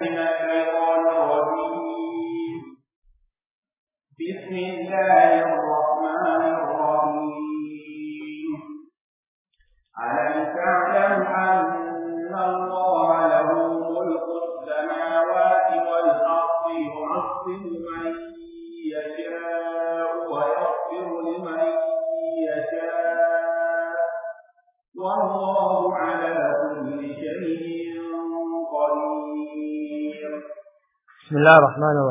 Amen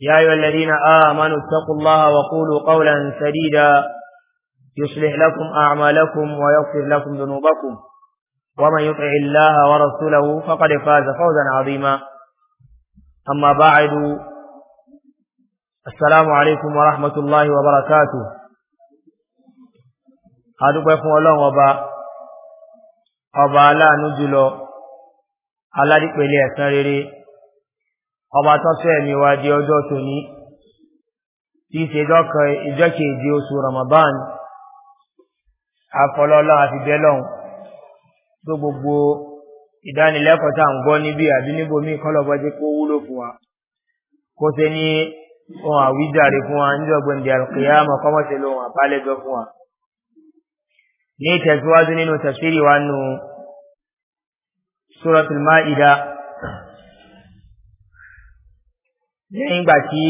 يا أيها الذين آمنوا اتقوا الله وقولوا قولا سديدا يصلح لكم أعمالكم ويغفر لكم ذنوبكم ومن يطع الله ورسوله فقد فاز فوزا عظيما أما بعد السلام عليكم ورحمة الله وبركاته هو يقول الله وبا وبا لا نجلو على ذلك بلي أسنى ọba tọ́sọ́ ẹ̀mí wa di ọjọ́ tóní tí í ṣe dọ́kọ̀ ìjọ́ kejì oṣù ramadan afọlọ́lá àti bẹ́lọ́n tó gbogbo ìdánilẹ́kọ̀ọ́ tá à ń gbọ́ níbí àbí níbòmí kọ́lọ́bọ́ jẹ́ kó wúlò fún wa kó ṣe ní ohun àwíjàre fún wa níjọ́ gbòǹdì àlùkìyàmọ̀ kọ́mọ̀ṣe lóhun àbálẹ́jọ́ fún wa ní ìtẹ̀síwájú nínú tẹ̀síri wa nù lẹ́yìn ìgbà tí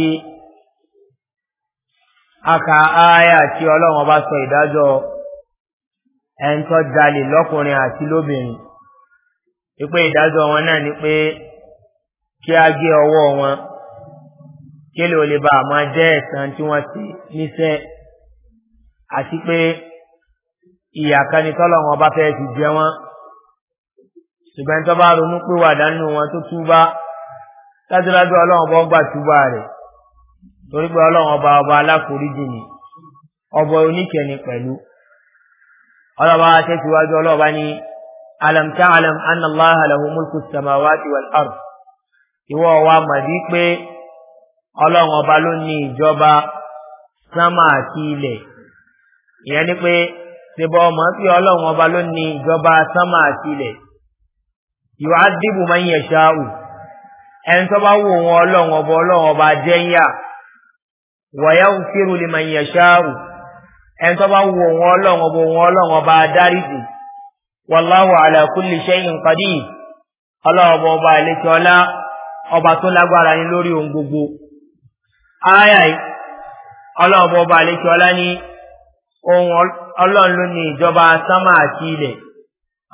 a ka aya tí ọlọ́run ọba sọ ìdájọ́ ẹ̀ńtọ́ jalè lọ́kùnrin àti lóbìnrin wípé ìdájọ́ wọn náà ni pé kí a gé ọwọ́ wọn kí lè lè ba àmọ́ jẹ́ ẹ̀sán tí wọ́n ti níṣẹ́ àti pé ìyà tọ́lọ́run ọba fẹ́ ti jẹ wọ́n ṣùgbọ́n tó bá ronú pé wàdánù wọn tó túbá dájúdájú ọlọ́run ọba ọgbà túbà rẹ̀ torí pé ọlọ́run ọba ọba aláforíjì ni ọba oníkẹni pẹ̀lú ọlọ́ba tẹ̀síwájú ọlọ́ba ní alamta alam anallah alahu mulku samawati wal ìwọ wa màdí pé ọlọ́run ọba ló ní ìjọba sámà àti ilẹ̀ ìyẹn ni pé ṣèbọ ọmọ sí ọlọ́run ọba ló ní ìjọba sámà àti ilẹ̀ yóò á dìbò máa ń yẹ ṣáà wù ẹni tó bá wò wọn ọlọ́run ọba ọlọ́run ọba jẹ́yà wọ̀yá òfìrù lè máa yẹ̀ ṣáàrù ẹni tó bá wò wọn ọlọ́run ọba wọn ọlọ́run ọba dáríjì wàláwà àlàkùnlé ṣẹ́yìn padì ọlọ́run ọba ọba ìlẹ́tì ọlá ọba tó lágbára ní lórí ohun gbogbo. ayáì ọlọ́run ọba ọba ọlá ní ohun ọlọ́run ló ní ìjọba sámà àti ilẹ̀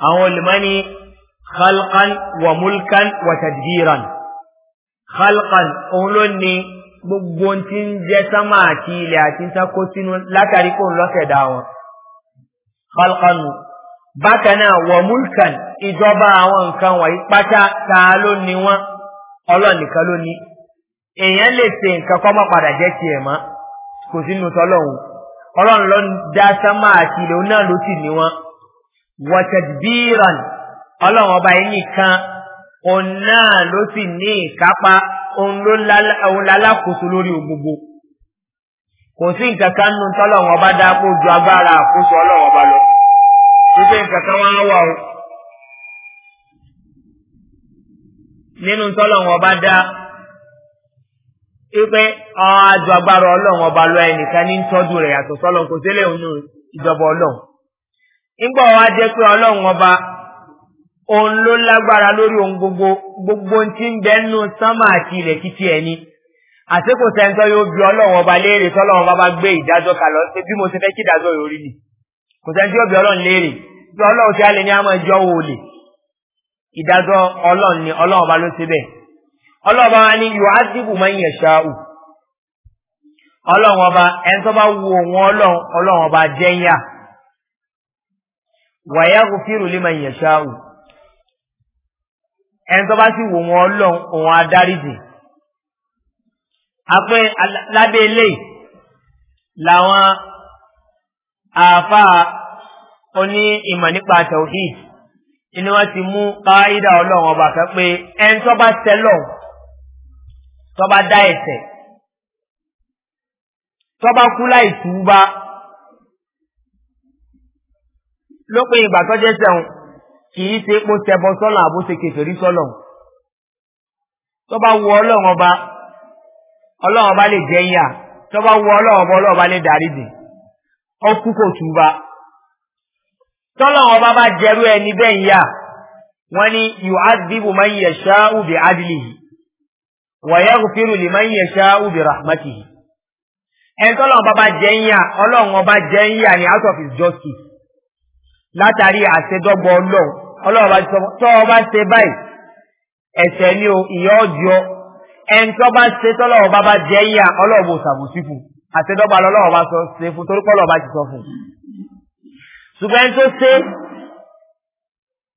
àwọn olùmọ́ khalqan wa mulkan wa tadbiran khalqan òun ló ní gbogbo tí ń jẹ́ sámà àti ilẹ̀ àti sákó sínú látàrí kò ń lọ́sẹ̀dá wọn khalqan bákan náà wọ mulkan ìjọba àwọn nǹkan wọ̀nyí pátá ta ló ní wọn ọlọ́nìkan ló ní èèyàn lè ṣe nǹkan kọ́ mọ́ padà jẹ́ tiẹ̀ mọ́ kò sínú tọ́lọ́hún ọlọ́run ló ń dá sámà àti ilẹ̀ òun náà ló sì ní wọn wọ́tẹ̀dbíran ọlọ́run ọba yìí nìkan òun náà ló sì ní ìkápá òun ló lálákòóso lórí gbogbo kò sí nǹkan kan nù tọ́lọ́wọ́n bá dá kó ju agbára àkóso ọlọ́wọ́n bá lọ wípé nǹkan wà o nínú tọ́lọ́wọ́n bá dá wípé àjọ agbára ọlọ́wọ́n bá lọ ẹnìkan ní tọ́jú rẹ̀ yàtọ̀ kò sílẹ̀ òun ìjọba òun ló lágbára lórí ohun gbogbo gbogbo tí ń bẹ nínú sánmà àti ilẹ̀ títí ẹni àsìkò yóò bí ọlọ́run ọba léèrè tọ́lọ́run bá bá gbé ìdájọ́ mo ti fẹ́ kí ìdájọ́ yóò rí ni kò sẹ́ńtọ́ yóò bí ọlọ́run léèrè pé ọlọ́run ti alẹ́ ní àmọ́ ìjọ wo lè ìdájọ́ ọlọ́run ni ọlọ́run ọba ló ṣe bẹ́ẹ̀ ọlọ́run yóò ẹni tó bá sì wò wọn ọlọ́run òun adáríjì àpẹ lábẹ́ ilé làwọn àáfàá oní ìmọ̀ nípa tawhid inú wọn ti mú káyídà ọlọ́run ọba kan pé ẹni tó bá tẹ́lọ̀ tó bá dá ẹ̀sẹ̀ tó bá kú láì túbá lópin ìgbà tó jẹ́ sẹ́wọ̀n kì í ṣe pó ṣẹbọ sọ́lọ̀ àbó ṣe kẹfẹ̀rí sọ́lọ̀ tó bá wọ ọlọ́run ọba ọlọ́run ọba lè jẹ́ yà tó bá wọ ọlọ́run ọba ọlọ́run ọba lè dárí dì ó kú kò túba tọ́lọ́run ọba bá jẹrú ẹni bẹ́ẹ̀ yà wọ́n ní yóò ádìbò máa ń yẹ ṣáá ubì ádìlì yìí wọ̀yẹ́ òfìrù lè máa ń yẹ ṣáá ubì rahmatihi ẹni tọ́lọ́run ọba bá jẹ́ yà ọlọ́run ọba jẹ́ yà ní out of his justice látàrí àṣedọ́gba ọlọ́run ọlọ́run bá ti sọ tọ́ ọ bá ṣe báyìí ẹ̀ṣẹ̀ ni o ìyá ọjọ́ ẹni tó bá ṣe tọ́lọ́run bá bá jẹ́ yíyà ọlọ́run bò ṣàbòsí fún àṣedọ́gba ọlọ́run bá sọ ṣe fún torí pọ́lọ́ bá ti sọ fún ṣùgbọ́n ẹni tó ṣe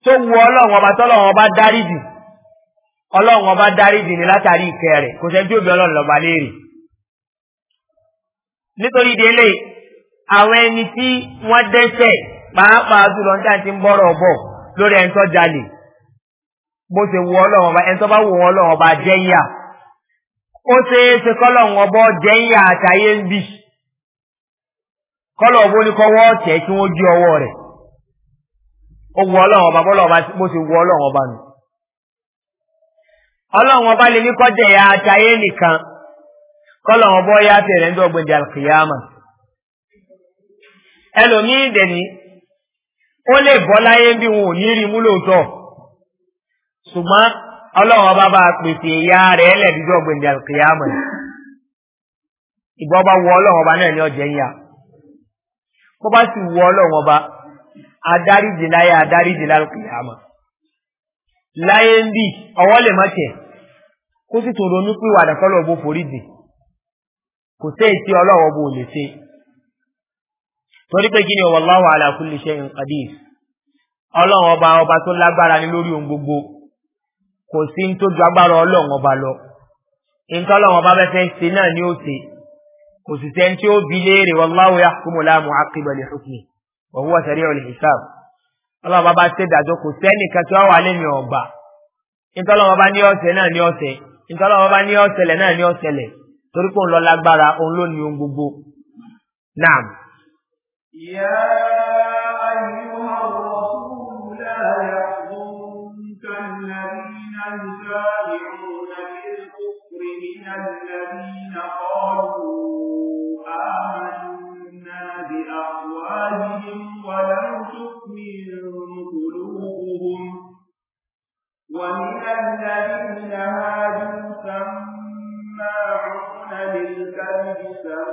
tó wu ọlọ́run ọba tọ́lọ́run ọba dárí jù ọlọ́run ọba dárí jù ní látàrí ìkẹ́ rẹ̀ kò sẹ́ni tí òbí ọlọ́run pàápàá jùlọ ní táyà ti ń bọ́rọ̀ bọ̀ lórí ẹni tó jalè bó ṣe wọ ọlọ́run ọba ẹni bá wọ ọlọ́run ọba jẹ́yà ó ṣeé ṣe kọ́lọ́run ọba jẹ́yà àtàyé ń bì kọ́lọ̀ ọba oníkọ́wọ́ tẹ̀ kí wọ́n jí ọwọ́ rẹ̀ ó wọ ọlọ́run ọba ọba bó ṣe wọ ọlọ́run ọba nù ọlọ́run ọba ya nìkan kọ́lọ̀ ó lè bọ́ láyé bí wọn ò ní rí mú lóòótọ́ ṣùgbọ́n ọlọ́run ọba bá pèsè ìyá rẹ̀ ẹlẹ́dìjọ́ gbèndé àkèyàmọ̀ ìgbọ́ bá wọ ọlọ́run ọba náà ní ọjẹ́ si bó bá sì wọ ọlọ́run ọba adáríjì láyé adáríjì lálùkèyàmọ̀ láyé ń bì ọwọ́ lè má tẹ̀ kó sì tún ronú pé wàdàkọ́lọ́ torí pé kí ni wàláwà aláfúnlé ṣe ìpàdé ọlọ́run ọba ọba tó lágbára ní lórí ohun gbogbo kò sí ń tó ju agbára ọlọ́run ọba lọ nǹkan ọlọ́run ọba bẹ́ẹ̀ fẹ́ ṣe náà ní òsè kò sì sẹ́ni tí ó bi léèrè wàláwà يا أيها الرسول لا يحزنك الذين يسارعون في الكفر من الذين قالوا آمنا بأقوالهم ولم تؤمن قلوبهم ومن الذين هادوا سماعون للكذب سماعون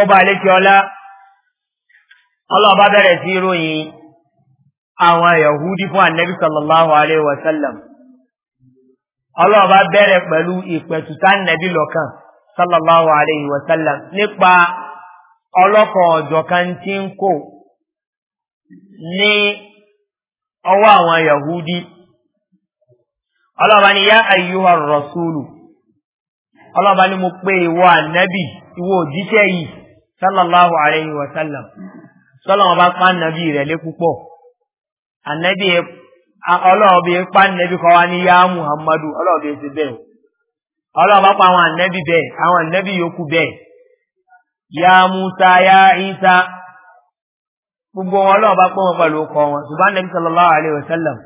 ọlọ́wọ́ bá lékè ọlá ọlọ́ọ̀bá bẹ̀rẹ̀ sí ìròyìn àwọn yahudi fún ànẹ́bí sallallahu alaihi wasallam ọlọ́ọ̀bá bẹ̀rẹ̀ pẹ̀lú ìpẹ̀tùtà ànẹ́bí lọ́kàn sallallahu alaihi wasallam nípa ọlọ́kọ̀ ọ̀jọ̀kan tí ń kò ní ọwọ́ àwọn yahudi ọlọ́ọ̀bá ni yá àyíwọ̀ rọ̀súlù ọlọ́ọ̀bá ni mo pé ìwọ ànẹ́bí ìwọ òjíṣẹ́ yìí sallallahu alayhi wa sallam sọlọ́wọ́n bá pa nàbí rẹ̀ lé púpọ̀ ànábì ọlọ́ọ̀bí pa nàbí kọ́ wa ní yá muhammadu ọlọ́ọ̀bí ti bẹ́ẹ̀ ọlọ́ọ̀ bá pa àwọn ànábì bẹ́ẹ̀ àwọn ànábì yòókù bẹ́ẹ̀ yá musa yá isa gbogbo wọn ọlọ́ọ̀ bá pọ̀ wọn pẹ̀lú ọkọ̀ wọn ṣùgbọ́n nàbí sallallahu alayhi wa sallam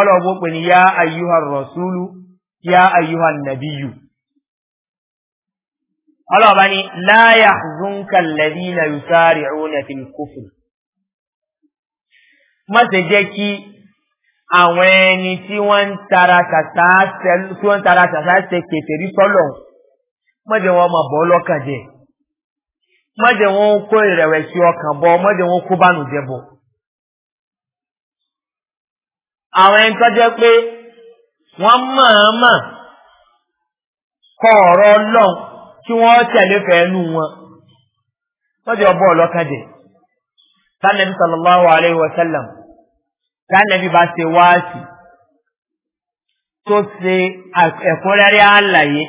ọlọ́ọ̀bí ó pè ní yá ayúhà rọ̀ṣúlù yá ayúhà nàbíyù ọlọ́ọ̀bá ni láyà zúnkàlẹ̀bí na yùsáàrì ọ̀nà fi kúfù má ṣe jẹ́ kí àwọn ẹni tí wọ́n ń tara tàṣà ṣe kèfèrí sọ́lọ̀ má jẹ́ wọn máa bọ́ lọ́kàn jẹ́ má jẹ́ wọn kó ìrẹ̀wẹ̀sì ọkàn bọ́ má jẹ́ wọn kó bánújẹ́ bọ́ àwọn ẹni tó jẹ́ pé wọ́n máa máa kọ ọ̀rọ̀ ọlọ́run tí wọ́n tẹ̀lé fẹ́ẹ́nu wọn tọ́jú ọbọ̀ ọlọ́kadì tánàbí sallallahu alayhi wa sallam tánàbí bá ṣe wáàsì tó ṣe ẹ̀kúnrẹ́rẹ́ àlàyé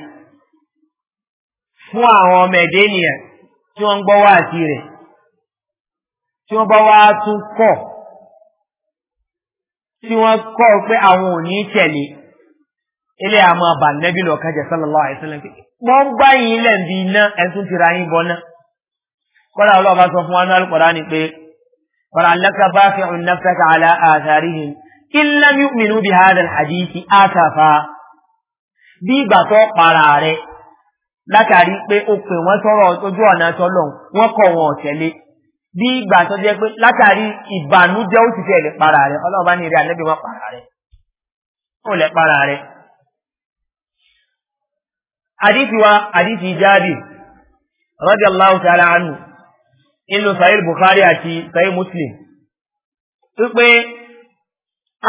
fún àwọn ọmọ ẹ̀dẹ́ ènìyàn tí wọ́n ń gbọ́ wáàsì rẹ̀ tí wọ́n bá wá tún kọ̀ tí wọ́n kọ́ pé àwọn ò ní tẹ̀lé ilé àmọ́ lọ́kadì sallallahu alayhi wa wọ́n gbá yín lẹ́ǹdì iná ẹ̀tún ti ra yín bọ́ná kọ́lá ọlọ́ọ̀bá sọ fún wa náà lùkọ́lá ni pé kọ́lá lẹ́ka bá fi hàn nafsaka ala àtàrí yìí ilá mímú bí hádà àdìsí àtàfà bí ìgbà tó para rẹ̀ látàrí pé ó pè wọ́n sọ̀rọ̀ ojú ọ̀nà tọ́lọ̀ wọ́n kọ̀ wọn ọ̀tẹ̀lé bí ìgbà tó jẹ́ pé látàrí ìbànújẹ́ ó ti tẹ̀lé para rẹ̀ ọlọ́ọ̀bá ní eré àdìsí wa àdìsí jáde radiyallahu ta'ala anhu inú sahih bukhari àti sahih muslim wípé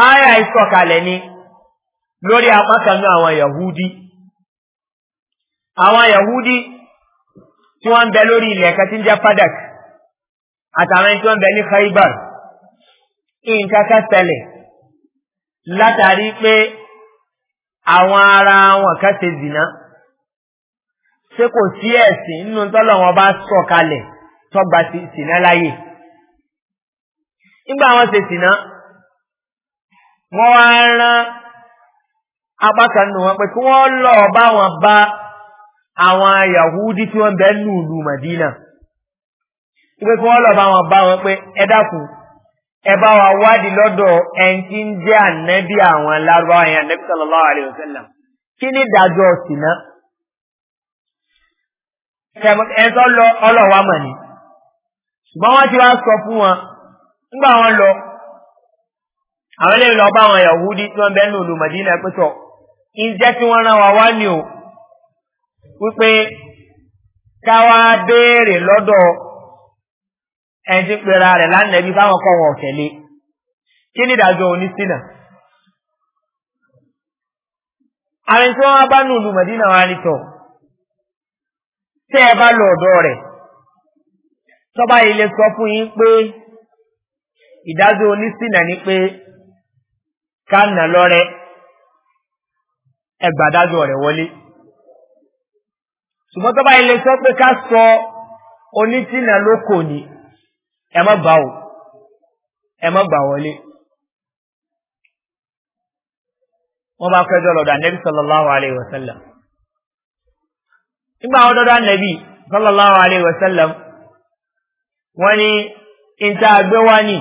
aya ìsọ̀kalẹ̀ ni lórí apákanú àwọn yahudi àwọn yahudi tí wọ́n ń bẹ lórí ilẹ̀ kan tí ń jẹ́ fadak àtàwọn tí wọ́n ń bẹ ní khaibar nǹkan kan ṣẹlẹ̀ látàrí pé àwọn ara wọn kan ṣe zìnà. ṣé kò sí ẹ̀sìn nínú tọ́lọ̀ wọn bá sọ kalẹ̀ tọ́gba sínà láyè nígbà wọn ṣe sínà wọn wá rán apákan wọn pé kí wọn lọ bá wọn bá àwọn yahudi tí wọn bẹ nù madina pé kí wọn lọ bá wọn bá wọn pé ẹ dákun ẹ bá wa wádìí lọ́dọ̀ tí ẹ̀tọ́ lọ ọlọ́wà mọ̀ ní ṣùgbọ́n wọ́n ti wá sọ fún wọn ńgbà wọn lọ àwọn ilé ìlọ bá wọn yahudi tí wọ́n bẹ́ẹ̀ ní olùmọ̀dínà pẹ́tọ̀ ìjẹ́ tí wọ́n rán wa wá ní o wípé káwá béèrè lọ́dọ̀ ẹni tí pera rẹ̀ lánàá ibi báwọn kọ́ wọn ọ̀tẹ̀lé kí ni ìdájọ́ òní sínà àwọn tí wọ́n bá ní olùmọ̀dínà wa ní tọ̀ tẹ́ ẹ bá lọ ọ̀dọ́ rẹ̀ tọ́ba ilé sọ fún yín pé ìdájọ́ onísìnà ni pé kánà lọ́rẹ́ ẹgbàdájọ́ rẹ̀ wọlé ṣùgbọ́n tọ́ba ilé sọ pé ká sọ onísìnà lóko ni ẹ mọ́ gbà ó ẹ mọ́ gbà wọlé. wọ́n bá fẹ́ lọ́dọ̀ ànẹ́bí sọ̀rọ̀ àlẹ́ ìwọ̀sán nígbà àwọn dọ́dọ́ ànàbì sallallahu alayhi wa sallam wọ́n ní ìta àgbẹ̀ wá ní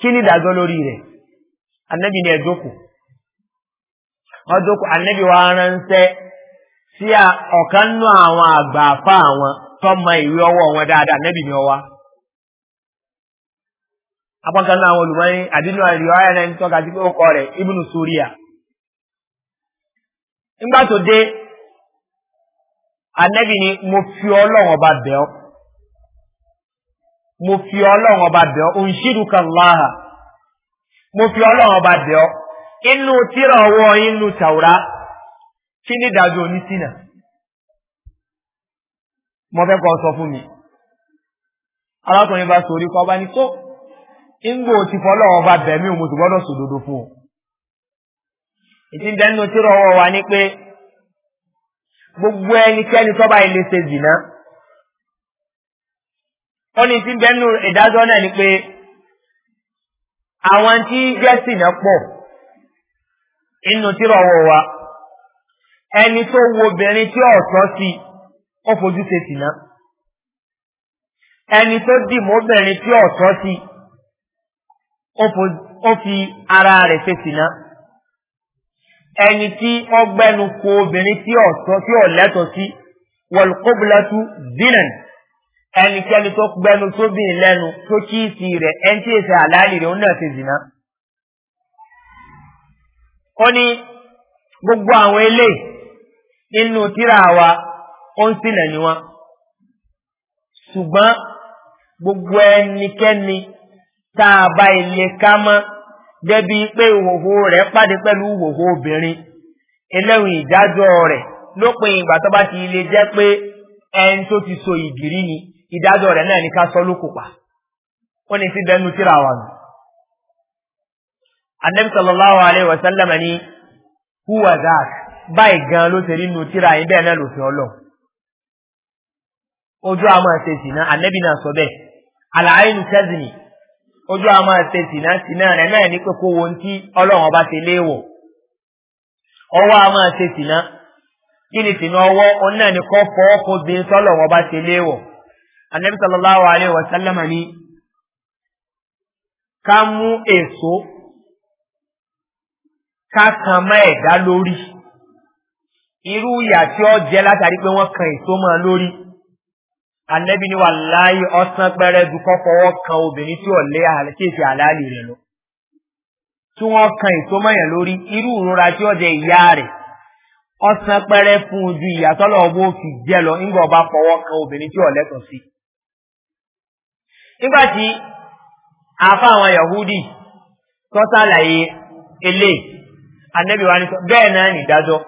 kí ni ìdájọ́ lórí rẹ̀ ni ẹ̀dọ́kù ọdọ́kù ànàbì wa ránṣẹ́ sí ọ̀kan nú àwọn àgbà àfa àwọn tọ́mọ ìwé ọwọ́ wọn dáadáa ànàbì ni ọwá apákan náà àwọn olùmọ́ àdínú àríwá ẹ̀ ń tọ́ka sí pé ó kọ rẹ̀ ibùnú sóríà nígbà tó dé anabi ni mo fi ọlọ́run ọba bẹ̀ ọ mo fi ọba bẹ̀ ọ́ òǹṣìdùkà láhà mo fi ọba bẹ̀ ọ inú tíra ọwọ inú tàwùrá kí ni ìdájọ́ onísìnà mo fẹ́ kọ́ sọ fún mi arákùnrin bá sọ orí kọ́ ọba ní kó ti ọba bẹ̀ mí o mo sì gbọ́dọ̀ sòdodo fún o tíra gbogbo ẹnikẹ́ni tọ́ba ilé ṣe zìnà ó ní tí bẹ́nu ìdájọ́ náà ni pé àwọn tí jẹ́ sìnà pọ̀ inú tírọ̀wọ̀ wa ẹni tó wo obìnrin tí ọ̀tọ́ sí ó fojú ṣe sìnà ẹni tó dì mọ́bìnrin tí ọ̀tọ́ sí ó fi ara rẹ̀ ṣe sìnà ẹni tí wọ́n gbẹ́nu ko obìnrin tí ọ̀tọ́ tí ò lẹ́tọ̀ sí wọ̀lùkọ́bùlẹ́tù zinan ẹnikẹ́ni tó gbẹ́nu tó bì lẹ́nu tó kí ìsì rẹ̀ ẹni tí èsì àlàálì rẹ̀ ó náà ti zìnà. ó ní gbogbo àwọn ilé nínú tíra wa ó ń sílẹ̀ ní wọn ṣùgbọ́n gbogbo ẹnikẹ́ni tá a bá ilé ká mọ́ débi pé ìhòhò rẹ̀ pàdé pẹ̀lú ìhòhò obìnrin eléyìí ìdájọ́ rẹ̀ lópin ìgbà tó bá ti lè jẹ́ pé ẹni ti so ìgìrí ni ìdájọ́ rẹ̀ náà ní ká sọ lóko pa ó ní sí bẹnu síra wa nù. ni báyìí gan ló ṣe rí nu bẹ́ẹ̀ náà lòfin ojú àmọ́ ṣe sì ná náà sọ bẹ́ẹ̀ ojú a máa ṣe tìnátìná rẹ̀ náà ní pé kó wo ohun ọlọ́run ọba ṣe léèwọ̀ ọwọ́ a máa ṣe tìná kí ni tìná ọwọ́ òun náà ní kọ́ fọwọ́ kó bí sọ́lọ́run ọba ṣe léèwọ̀ anabi sallallahu alayhi wa sallam ni ká mú èso ká kan má ẹ̀dá lórí irú ìyà tí ó jẹ́ látàrí pé wọ́n kan èso mọ́ lórí. anẹ́bí ni wà láyé ọ̀sán pẹ́rẹ́ dukọ́ fọwọ́ kan obìnrin tí ọ̀lẹ́ àlẹ́ tí èsì àlàálì rẹ̀ lọ. tí wọ́n kan ìsọmọ̀yàn lórí irú ìrora tí ọ̀jẹ̀ ìyá rẹ̀ ọ̀sán pẹ́rẹ́ fún ojú ìyàtọ́lọ̀ ọgbọ́n fi jẹ́ lọ nígbà ọba fọwọ́ kan obìnrin tí ọ̀lẹ́ kan sí. nígbà tí àfa àwọn yahudi tó sàlàyé elé anẹ́bí wa ní sọ bẹ́ẹ̀ náà nìdájọ́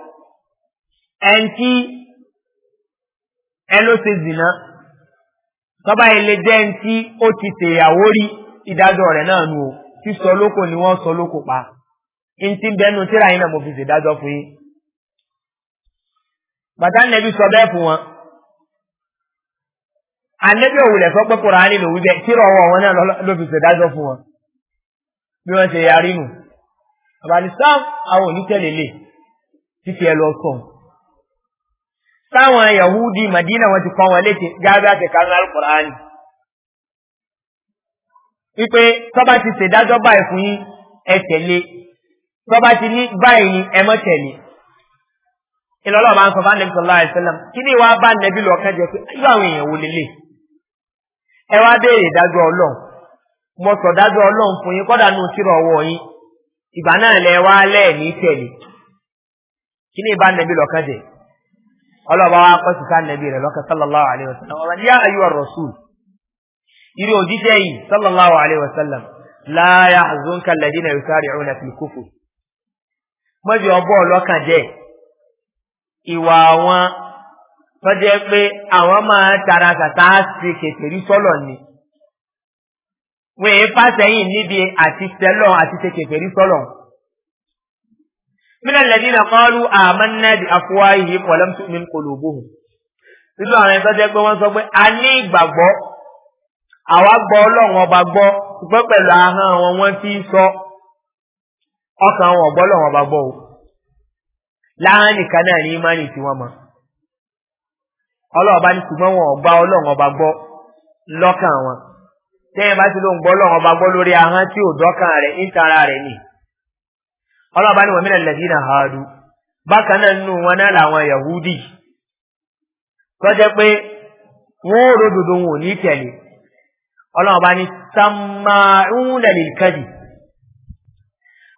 ẹn tí ẹ ló ṣe zìnnà tọ́ba ilé jẹ́ ń tí ó ti ṣèyàwó rí ìdájọ́ rẹ̀ náà nu o sísọ lóko ni wọ́n sọ lóko pa ntí bẹnu tíra yín náà mo fi ṣèdájọ́ fún yín. bàtà nẹ́bí sọ bẹ́ẹ̀ fún wọn anẹ́bí òwúlẹ̀ sọ pé kóra ní lòwú jẹ́ tíra ọwọ́ wọn náà ló fi ṣèdájọ́ fún wọn bí wọ́n ṣe yarí nù àbálí sáà àwọn onítẹ̀lélẹ̀ títí ẹ lọ sọ̀hún táwọn yahudi madina wọn ti kọ́ wọn létí gábẹ́ àti kanra alukur'ani wípé tọ́ba ti ṣèdájọ́ báyìí fún yín ẹ tẹ̀lé tọ́ba ti ní báyìí ni ẹ mọ́ tẹ̀lé ìlọ́lọ́ máa ń sọ fún anabi sallallahu alayhi wa sallam kí ni ìwà bá nẹbi lọ ká jẹ pé yóò àwọn èèyàn wò lélẹ̀ ẹ wá béèrè dájọ́ ọlọ́run mo sọ dájọ́ ọlọ́run fún yín kọ́dà nù tìrọ̀ ọwọ́ yín ìgbà náà lẹ wá lẹ́ẹ̀mí tẹ̀lé kí ni ìbá nẹbi lọ ká jẹ ọlọ́ba wa kọ́ sí sáà nàbí rẹ̀ lọ́kẹ́ sallallahu alayhi wa sallam ọba ní yá ayúwa rasul irú òjíṣẹ́ yìí sallallahu alayhi wa sallam láyà àzúnkà lẹ́dínà ìsáàrí ọ̀nà fìlkúfù mọ́jọ ọbọ̀ ọlọ́kàn jẹ́ ìwà àwọn tọ́jẹ́ pé àwọn máa tara tàtà sí kẹtẹ̀rí sọ́lọ̀ ni wọ́n èé fásẹ́yìn níbi àti tẹ́lọ̀ àti tẹ́kẹ̀fẹ̀rí sọ́lọ̀ من الذين قالوا آمنا بأفواههم ولم تؤمن قلوبهم nínú àwọn ẹgbẹ́ jẹ́ pé wọ́n sọ pé a ní ìgbàgbọ́ àwa gbọ́ ọlọ́run ọba gbọ́ ṣùgbọ́n pẹ̀lú ahọ́n wọn wọ́n ti sọ ọkàn wọn ọ̀gbọ́ ọlọ́run ọba gbọ́ o láhán nìkan náà ní ìmánì tí wọ́n mọ ọlọ́ọ̀bá ní ṣùgbọ́n wọn ọ̀gbá ọlọ́run ọba gbọ́ lọ́kàn wọn tẹ́yìn bá ti lóun gbọ́ ọlọ́run ọba gbọ́ lórí ahọ́n tí ò dọ́kàn rẹ̀ ní tara rẹ̀ nìyí ọlọ́ọ̀bá ni wọ̀mí lẹ́lẹ́dí náà haadu bákan náà nínú wọn náà làwọn yahudi tó jẹ́ pé wọ́n ò ródòdó wọn ò ní tẹ̀lé ọlọ́ọ̀bá ni sàmáhùn lẹ́lẹ́kẹ́dì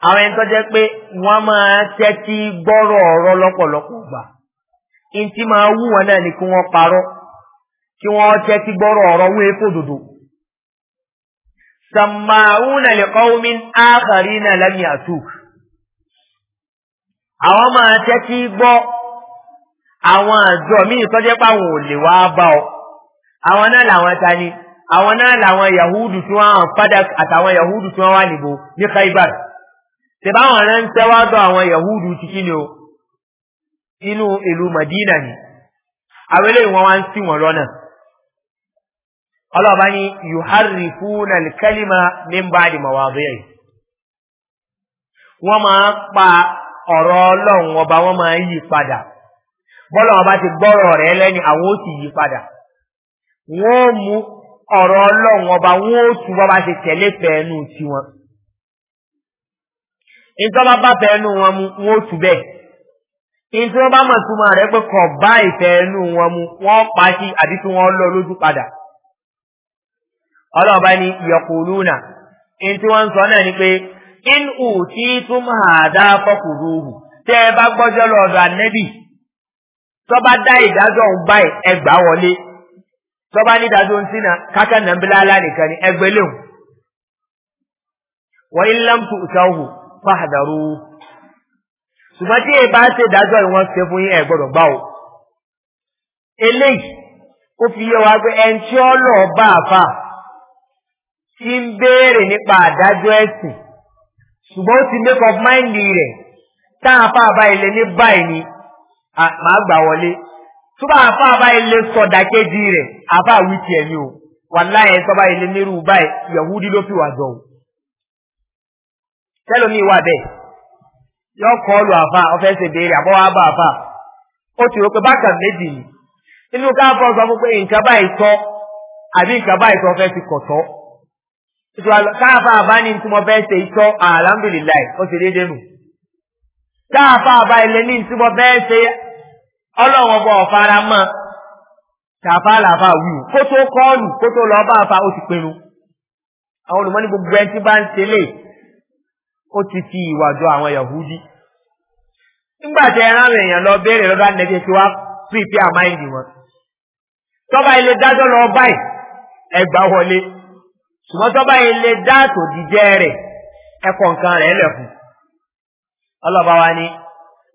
àwọn ẹni tó jẹ́ pé wọ́n máa tẹ́tí gbọ́rọ̀ ọ̀rọ̀ lọ́pọ̀lọpọ̀ gbà in ti máa wú wọn náà ni kí wọ́n parọ́ kí wọ́n tẹ́tí gbọ́rọ̀ ọ̀rọ̀ wé fòdòdó sàmáhùn lẹ́lẹ́kọ́wọ́mí áhàrí náà lẹ́mìí àtúkù àwọn máa tẹ́tí gbọ́ àwọn àjọ míì tọ́jẹ́ páwọn ò lè wá bá ọ àwọn náà làwọn ta ni àwọn náà làwọn yahudu tí wọ́n hàn padà àtàwọn yahudu tí wọ́n wà níbo ní khaibar tẹ̀báwọn rẹ̀ ń tẹ́wá dọ̀ àwọn yahudu ti kí ni o inú ìlú madina ni àwọn eléyìí wọn wá ń sí wọn lọ́nà ọlọ́ọ̀bá ni yuharrifuna alkalima min ba'di mawadhi'i wọ́n máa pa ọ̀rọ̀ ọlọ́run ọba wọn máa ń yí padà bọ́lọ̀ ọba ti gbọ́rọ̀ rẹ̀ lẹ́ni àwọn ó sì yí padà wọ́n mú ọ̀rọ̀ ọlọ́run ọba wọ́n ó tún bọ́ba ṣe tẹ̀lé fẹ́ẹ́nu tiwọn ìtọ́ba bá fẹ́ẹ́nu wọn mu wọ́n ó tún bẹ́ẹ̀ ìtí wọ́n bá mọ̀ rẹ̀ pé kọ̀ bá ìfẹ́ẹ́nu wọn mu wọ́n pa sí àbí tí wọ́n lọ lójú padà ọlọ́ọ̀bá ni ìyọkùnrúnà ìtí wọ́n ń sọ náà ni pé in utitum hada fakuduhu tẹ́ ẹ bá gbọ́jọ́ lọ́dọ̀ ànẹ́bì tó bá dá ìdájọ́ òun báyìí ẹ wọlé tó bá ní ìdájọ́ na sínà kákà nàbílálá nìkan ni ẹgbẹ́ léwu wọ́n in lam tu'tahu fahdaru ṣùgbọ́n tí bá ṣe ìwọ̀n ṣe fún yín ẹ gbọ́dọ̀ gbà o eléyìí ó fi pé tí ó bá tí ṣùgbọ́n ó ti make up mind rẹ̀ táwọn afá àbá ilé ní báyìí ni màá gbà wọlé tó bá afá àbá ilé sọ̀dà kejì rẹ̀ afá wíìtì ẹ̀ ni o wàlá ẹ̀ sọ́ba ilé nírú báyìí yahudi ló fi wà zọ̀ o. tẹ́lómi wà bẹ́ẹ̀ yọ kọ́ọ̀lù àfà ọ̀fẹ́ ṣe béèrè àbọ̀ wà bá àfà ó ti rò pé bákan méjì ni inú káfọ́ sọ fún pé nǹkan báyìí tọ́ àbí nǹkan báyìí tọ́ fẹ́ ti kọ̀ tọ́ káàfà àbáni tí mo bẹ́ẹ̀ ṣe ìtọ́ alhamdulilayi ó ṣe déédéé nù káàfà àbá ilé ní tí mo bẹ́ẹ̀ ṣe ọlọ́wọ́n bọ̀ ọ̀fara mọ́ káàfà làbá wíwù kó tó kọ́ọ̀lù kó tó lọ́ọ́ bá àfa ó ti pinnu àwọn olùmọ́ni gbogbo ẹni tí bá ń ṣe lè ó ti fi ìwà jọ àwọn yahudi nígbà tí ẹ rán èèyàn lọ béèrè lọ́dọ̀ ànẹ́bí tí wàá pípé àmáyìndì wọn tọ́ba ilé dájọ́ lọ báyìí ẹgbàá wọlé ṣùgbọ́n tọ́ba ilé dáàtò jíjẹ́ rẹ̀ ẹ̀kọ́ nǹkan rẹ̀ lẹ̀kùn ọlọ́ba wa ni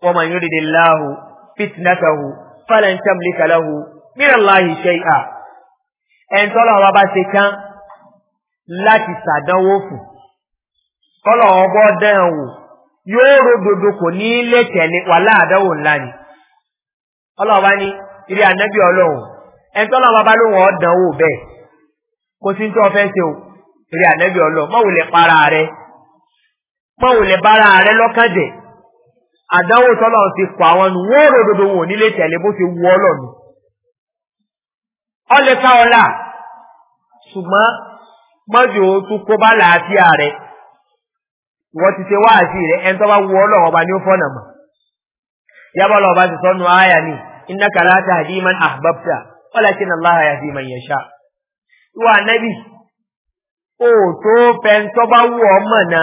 wọ́n máa yóò dìde láàhù fitinatahu fàlẹ́ntẹ́m lẹ́kàlẹ́hu mírànláhì ṣe à ẹ̀ńtọ́lọ́ wa bá ṣe láti ṣàdánwò fún kọ́lọ̀ ọgbọ́ dẹ́hàn wò yóò kò ní wà láàdánwò ńlá ni ọlọ́ba ni ànábì bá bẹ́ẹ̀. kò sí ní tó ọfẹ́ ṣe o rí ànẹ́bí ọlọ mọ para rẹ mọ wòlẹ̀ bára rẹ lọ́kànjẹ́ àdánwò tọ́lọ̀ ti pa àwọn nù wọ́n ròdodo wọn ò nílé tẹ̀lé bó ṣe wù ọlọ́nu ọlẹ́ ká ọlá ṣùgbọ́n mọ́jọ tún kó bá làásìá rẹ wọ́n ti ṣe wáàsí rẹ ẹni tó bá ọba ní fọ́nà tó ànẹ́bì ó tó fẹ́ntọ́ bá wù ọ́ mọ̀nà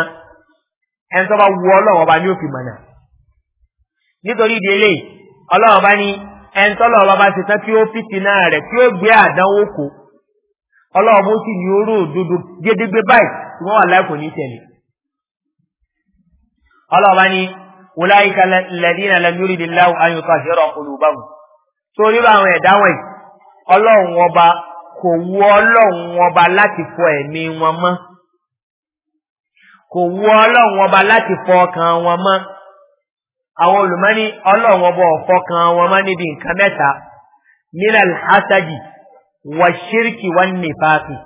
ẹ̀ntọ́ bá wù ọ́ lọ́wọ́ bá ní òfin mọ̀nà nítorí ìdílé ọlọ́wọ́ bá ní ẹ̀ntọ́ lọ́wọ́ bá ti tán tí ó fìtìnà rẹ̀ tí ó gbé àdánwò kó ọlọ́wọ́ bó sì ní oró òdodo gédégbé báyìí tí wọ́n wà láìpò ní tẹ̀lé ọlọ́wọ́ bá ní wòláyíká lẹ́dínà lẹ́mírí níláwọ̀ ayọ̀tọ̀ àṣírọ̀ olùbáwò torí bá àwọn ẹ̀dá wọ̀nyí ọlọ́run ọba kò wu ọlọ́run ọba láti fọ ẹ̀mí wọn mọ́ kò wu ọlọ́run ọba láti fọ ọkàn wọn mọ́ àwọn olùmọ́ni ọlọ́run ọba ọ̀fọkàn wọn mọ́ níbi nǹkan mẹ́ta milal hasadi wa shirki wa nifafi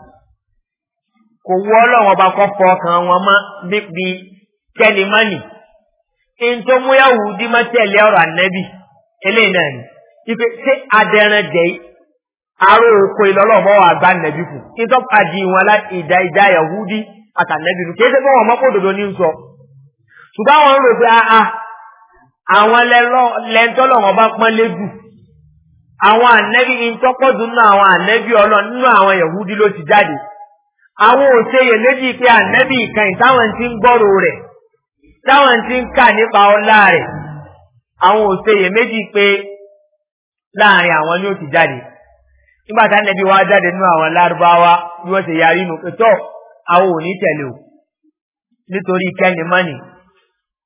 kò wu ọlọ́run ọba kọ́ fọ ọkàn wọn mọ́ níbi tẹlimọ́nì ntọ́ múyàwó dímọ́ tẹ̀lé ọ̀rọ̀ ànẹ́bì eléyìí náà ni ife ṣé adẹ́rẹ́ jẹ́ yìí. aró oko ìlọ́lọ́mọ́ wà nẹ̀bí kù wọn pàdé wọn ìdá ìdá yahudi àtànẹ́bí nù kéde fún wọn mọ́kò òdòdó ní sọ ṣùgbọ́n àwọn rò pé a àwọn lẹ́ńtọ́lọ̀ wọn bá pọ́n lébù àwọn ànẹ́bí ìtọ́pọ̀dún náà àwọn ànẹ́bí ọlọ́ nínú àwọn yahudi ló ti jáde àwọn pé ànẹ́bí ìkànnì táwọn ti ń gbọ́rò rẹ̀ táwọn nígbà tá nẹbi wá jáde nínú àwọn lárúbáwá bí wọ́n ṣe yarí nù pẹ̀tọ́ àwọn ò ní tẹ̀lé o nítorí kẹ́ni mọ́nì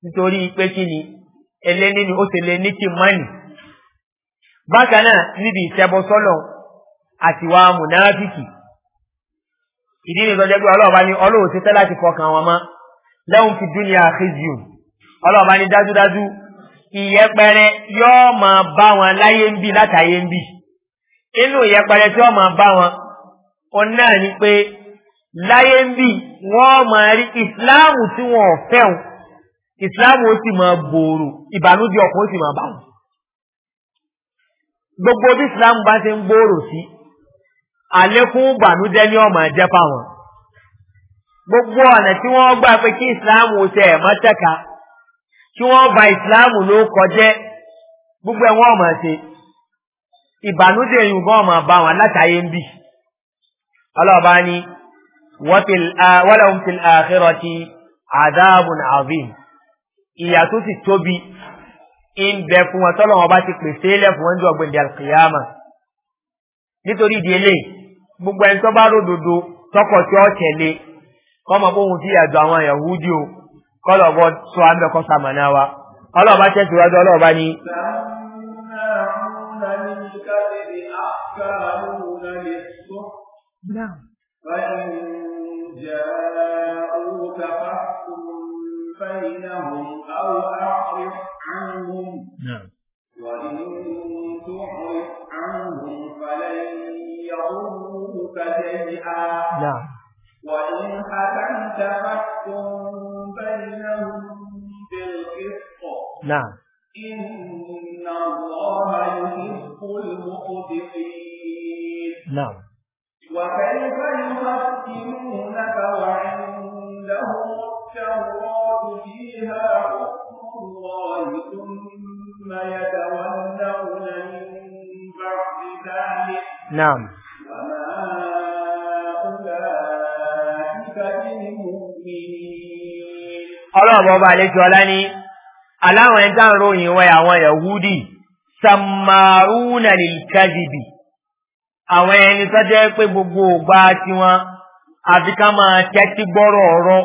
nítorí pé kí ni ẹlẹ́ni ni ó ṣe lé ní kí mọ́nì. bákan náà níbi ìṣẹ́bọ sọ́lọ̀ àti wa mùnáfíkì ìdí ni ìtọ́jẹ́ pé ọlọ́ọ̀bá ní ọlọ́ọ̀ ṣe tẹ́ láti fọkàn wọn mọ́ lẹ́hùn fi dúnìá àkíyùn ọlọ́ọ̀bá ní dájúdájú ìyẹ́pẹrẹ yọ́ọ́ máa bá wọn láyé ń bí látàyé ń bí inú ìyẹpẹrẹ tí wọ́n máa bá wọn òun náà ni pé láyé ń bì wọ́n máa rí ìsìláàmù tí wọ́n fẹ́ wọn ìsìláàmù ó sì máa gbòòrò ìbànújẹ́ ọkàn ó sì máa bá wọn. gbogbo bí ìsìláàmù bá ti ń gbòòrò sí àlékún ìbànújẹ́ ni ọmọ ẹ̀jẹ̀ fáwọn. gbogbo ọ̀nà tí wọ́n gbà pé kí ìsìláàmù ṣe ẹ̀ mọ́ kí wọ́n ba ìsìláàmù ló kọjẹ́ gbogbo ẹ̀ wọ́n mọ̀ ṣe ìbànújẹ́ yìnbọn ọmọ bá wọn látàyé ń bì ọlọ́ọ̀bá ni wọ́lọ́hun fi àkírọ̀ ti àdáàbùn àvin ìyà tó sì tóbi ń bẹ fún wọn tọ́lọ̀ wọn ti pèsè ilẹ̀ fún wọn jọ gbẹ̀ndẹ̀ alkiyama nítorí ìdí eléyìí gbogbo ẹni tó bá ròdòdó tọkọ̀ tí ó tẹ̀lé kọ́mọ bóhun sí ìyàdọ̀ àwọn yahudi o kọ́lọ̀bọ sọ àmì ọkọ̀ sàmànà wa ọlọ́ọ̀bá tẹ̀síwájú ọlọ́ọ̀bá ni. للكذب أحكامون للسحر نعم فإن جاءوك فاحكم بينهم أو أعرف عنهم نعم وإن تعرف عنهم فلن يضروك شيئا نعم وإن حكمت فاحكم بينهم بالقسط نعم إن الله المبطلين نعم وكيف يختمونك وعندهم التوراة فيها حكم الله ثم يتولون من بعد ذلك نعم ọlọ́ọ̀bọ̀ ọba àlejò ọlá ní aláwọn ẹja ń ròyìn wẹ àwọn yahudi sàmàrúnà lìkàdìbì àwọn ẹni tó jẹ́ pé gbogbo ògbà tiwọn àfi ká máa tẹ́tí gbọ́rọ̀ ọ̀rọ̀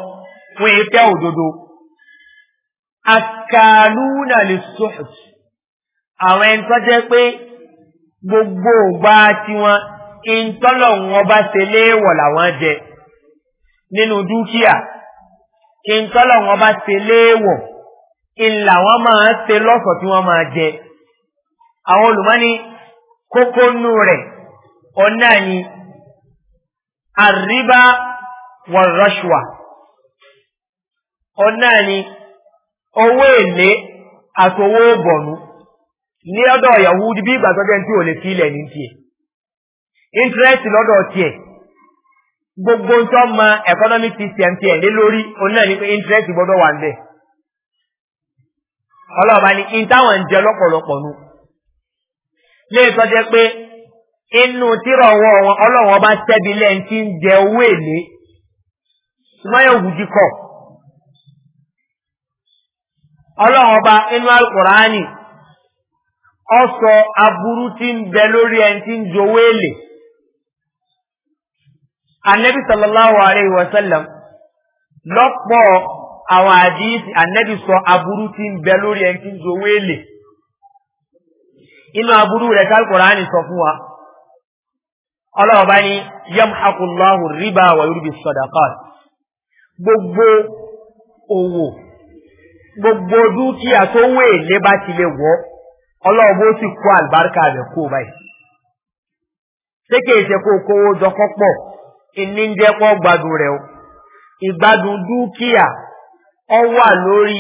fún ìfẹ́ òdodo àkàlùnà lè sọ̀tù àwọn ẹni tó jẹ́ pé gbogbo ògbà tiwọn ìtọ́lọ̀ wọn bá ṣe léèwọ̀ làwọn jẹ nínú dúkìá ìtọ́lọ̀ wọn bá ṣe léèwọ̀ ìlà wọn máa ṣe lọ́sọ̀ tí wọ́n máa jẹ. àwọn olùmọ́ni kókó nù rẹ̀ ọ̀nà ni àríbá wà rọ́ṣùwà ọ̀nà ni owó èlé àtowó bọ̀nú ní ọ̀dọ̀ ìyàwó bí ìgbà tó tí ò lè fi ilẹ̀ ní tiẹ̀ interest lọ́dọ̀ gbogbo ń tọ́ ma economic system tiẹ̀ lé lórí òun ni pé interest gbọ́dọ̀ wà ń bẹ̀ ọlọ́ọ̀bá ni léyìí tó jẹ́ pé inú tírọ̀ ọwọ́ wọn ọlọ́wọ́n bá tẹ́bi lẹ́yìn tí ń jẹ owó èlé kọ̀. ọba inú alukùránì ọsọ aburú tí ń bẹ lórí ẹni tí ń èlé. anabi sallallahu alayhi wa sallam inu aburu rẹ̀ tá sọ fún wa ọlọ́wọ́ bá ní riba wa yorùbá sọdakọ́t gbogbo owó gbogbo dúkìá tó wé lé bá ti lè wọ́ ọlọ́wọ́ bó ti kó àlùbáríkà rẹ̀ kó báyìí ṣé kìí kó kówó jọkọ́ ìní ń gbádùn o ìgbádùn dúkìá ọ wà lórí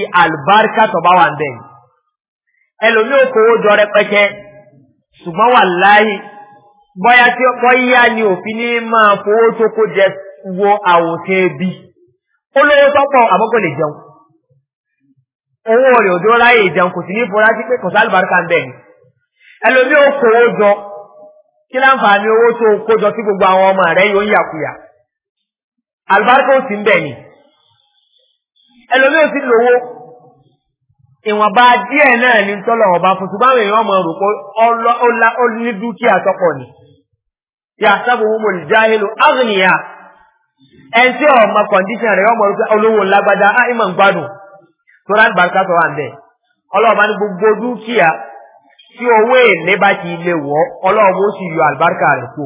tó bá wà ń bẹ̀ kówó ṣùgbọ́n wà láyé bọ́yá tí bọ́yá ni òfin ní máa fowó tó kó jẹ wo àwòṣe bí olówó tọ́pọ̀ àmọ́kò lè jẹun owó rẹ̀ òdó láyé ìjẹun kò sí ní fọlá sí pé kò sálùbà rí kan bẹ́ẹ̀ ni ẹlòmí ò kó owó jọ kí láǹfààní owó tó kó jọ sí gbogbo àwọn ọmọ rẹ̀ yóò yàkuyà àlùbáríkà ò sí ń bẹ̀ ẹlòmí ò sí lówó ìwọ̀nba díẹ̀ náà ni tọ́lọ̀ ọba fún ṣùgbọ́n èèyàn ọmọ rò pé ó ní dúkìá tọ́pọ̀ ni yàtọ̀bù wọn mọ̀lì jáhìlú áhìnìyà ẹni tí ọmọ kọ̀ǹdíṣìn rẹ̀ ọmọ rò pé olówó lágbádá àìmọ̀ ń gbádùn tó rán gbàgbà tó wà ń bẹ̀ ọlọ́ọ̀bá ní gbogbo dúkìá tí owó èlé bá ti lè wọ́ ọlọ́ọ̀bá ó sì yọ àlùbáríkà rẹ̀ kù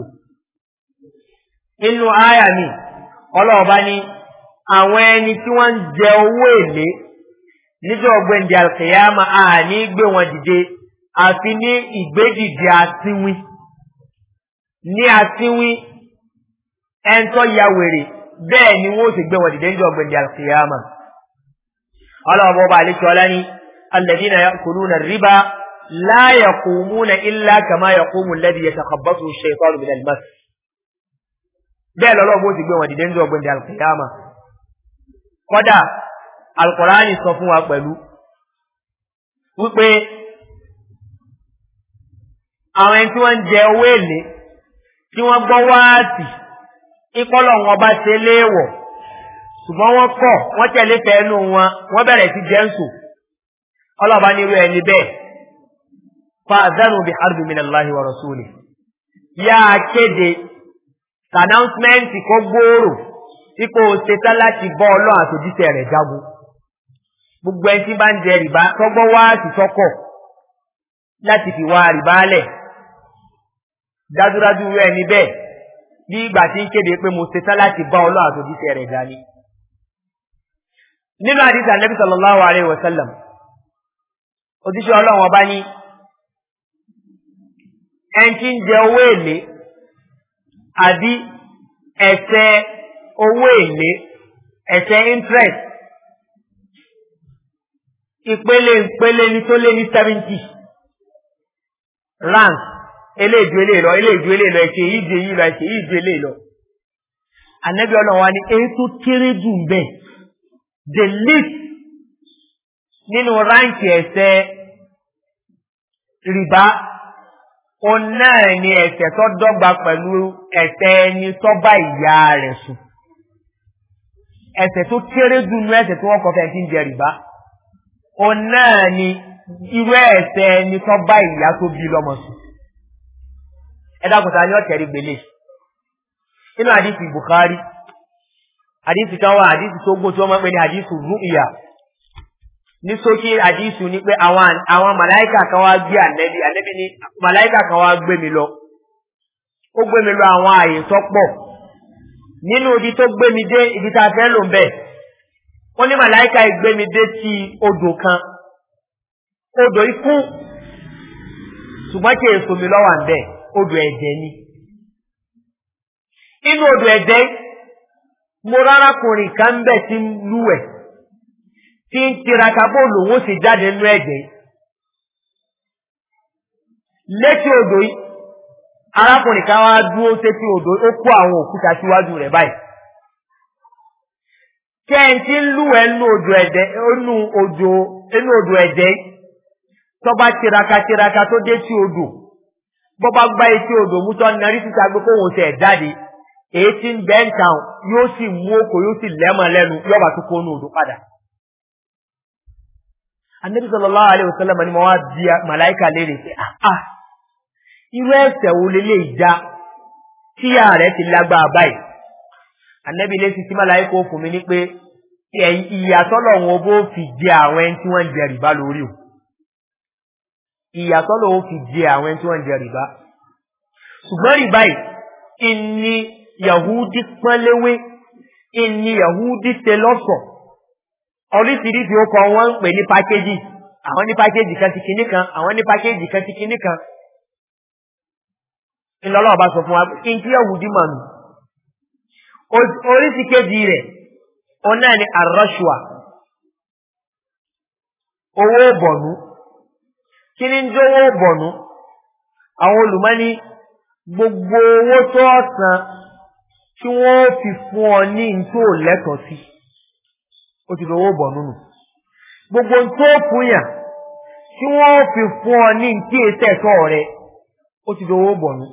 nínú áyà mi ọlọ́ọ̀bá ní àwọn ẹni tí wọ́n ń jẹ owó èlé níjọ́ ọ̀gbẹ́ndì alkiyama a ní gbé wọn dìde àfi ní ìgbédìde àtiwin ní àtiwin ẹ̀ńtọ́ ya wèrè bẹ́ẹ̀ ni wọ́n sì gbé wọn dìde níjọ́ ọ̀gbẹ́ndì alkiyama. ọlọ́wọ́ bọ́ba àlejò ọlá ní alẹ́bí náà kùnú na rìbá láyà kùmú na ilá kàmá yà kùmú lẹ́bi yẹ sàkàbọ́tù ṣe ìtọ́lù mi lẹ́lmọ́s. bẹ́ẹ̀ lọ́lọ́wọ́ bó sì gbé wọn dìde níjọ́ ọ̀gbẹ́ndì alkiyama. kọ́dà alukọ̀láyì sọ fún wa pẹ̀lú wípé àwọn ẹni tí wọ́n ń jẹ owó èlé tí wọ́n gbọ́ wáàtì ìkọlọ̀ wọn bá ṣe léèwọ̀ ṣùgbọ́n wọ́n kọ̀ wọ́n tẹ̀lé fẹ́ẹ́nu wọn wọ́n bẹ̀rẹ̀ sí jẹ́ǹsù ọlọ́ọ̀bá ní irú ẹni bẹ́ẹ̀ fa àzẹ́nu bí arúgbìmínà láhi wa rasúlì yá a kéde kó gbòòrò tí kò láti bọ́ ọlọ́run àtòjíṣẹ́ rẹ̀ jagun gbogbo ẹni tí bá ń jẹ rìbá tọ́gbọ́ wá àtìsọ́kọ̀ láti fi wá rìbá lẹ̀ dájúdájú rẹ̀ ní bẹ́ẹ̀ bí ìgbà tí ń kéde pé mo ṣetán láti bá ọlọ́run àtòjíṣẹ́ rẹ̀ dání. nínú àdìsí ànábì sallallahu alayhi wa sallam òjíṣẹ́ ọlọ́run ọba ní ẹni tí ń jẹ owó èlé àbí ẹ̀sẹ̀ owó èlé ẹ̀sẹ̀ interest ìpele ìpele ni tó lé ní seventy rank eléèdú eléè lọ eléèdú eléè lọ ẹ̀kẹ́ yìí dé yìí lọ ẹ̀kẹ́ yìí dé eléè lọ. ànẹ́bí ọlọ́run wa ni èyí tó kéré jù bẹ́ẹ̀ the least nínú ránkì ẹ̀sẹ̀ rìbá òun náà ni ẹ̀sẹ̀ tó dọ́gba pẹ̀lú ẹ̀sẹ̀ ẹni tó bá ìyá rẹ̀ sùn ẹ̀sẹ̀ tó kéré jù nínú ẹ̀sẹ̀ tó wọ́n kọ́ fẹ́ẹ́ ti ń jẹ rìbá òun náà ni irú ẹ̀sẹ̀ ẹni tó bá ìyá tó bí lọ́mọ sùn. ẹ dákùtà ni ọ̀tẹ̀rí gbélé nínú àdìsí buhari àdìsí kan wà àdìsí tó gbó tí wọ́n máa ń pè ní àdìsí rúìyà ní sókè àdìsí ni pé àwọn màláìkà kan wá gbé ànẹ́bí ànẹ́bí ni màláìkà kan wá gbé mi lọ ó gbé mi lọ àwọn àyè tó pọ̀ nínú ibi tó gbé mi dé ibi tá a fẹ́ lò ń bẹ́ẹ̀. wọ́n ní màláìka ìgbémi dé ti odò kan odò ikú ṣùgbọ́n kí èso mi lọ́wọ́ àbẹ̀ odò ẹ̀jẹ̀ ni inú odò ẹ̀jẹ̀ mo rárákùnrin kan ń bẹ̀ tí ń lúwẹ̀ tí ń tiraka bóòlù òun sì jáde nínú ẹ̀jẹ̀ létí odò yìí arákùnrin kan wá dúró sétí odò ó kẹ́hìntì ń lù ẹ́ nínú odò ẹ̀dẹ́ odo tọ́ba tiraka tiraka tó dé tí odò bọ́ba gba etí odò mú tọ́ narí títa gbé kóhùn tẹ̀ jáde èyí ń yóò sì mú yóò sì lẹ́mọ̀ lẹ́nu yọba tó kó nínú odò padà. anabi sọlọ́lá alẹ́ òsèlè mọ̀ ni mo wá malaika màláìka léèrè pé ah, ah irú wo lélẹ́yìí já rẹ̀ ti báyìí. anabi lè sisi mọ́láyé kó fún mi ní pé ìyàtọ̀ lọ́wọ́ bó fi jẹ àwọn ẹni tí wọ́n ń jẹ rìbá lórí o ìyàtọ̀ lọ́wọ́ fi jẹ àwọn ẹni tí wọ́n ń jẹ rìbá ṣùgbọ́n rìbá yìí ìní yahudi pọ́nléwé ìní yahudi tẹlọ́sọ̀ oríṣiríṣi ó kọ wọ́n ń pè ní pákéjì àwọn ní pákéjì kan ti kinní kan àwọn ní pákéjì kan ti kinní kan ńlọ́lọ́ ọba sọ fún wa kí n kí yahudi mà nù. oríṣi kejì rẹ̀ òun náà ni àrọ́ṣùà owó bọ̀nú kí ni ń jówó bọ̀nú àwọn olùmọ́ni gbogbo owó tó ọ̀sán tí wọ́n fi fún ọ ní tó lẹ́tọ̀ọ́ sí ó ti lówó bọ̀nú nù gbogbo tó fún yàn tí wọ́n fi fún ọ ní ntí èsẹ̀ tọ́ rẹ ó ti lówó bọ̀nú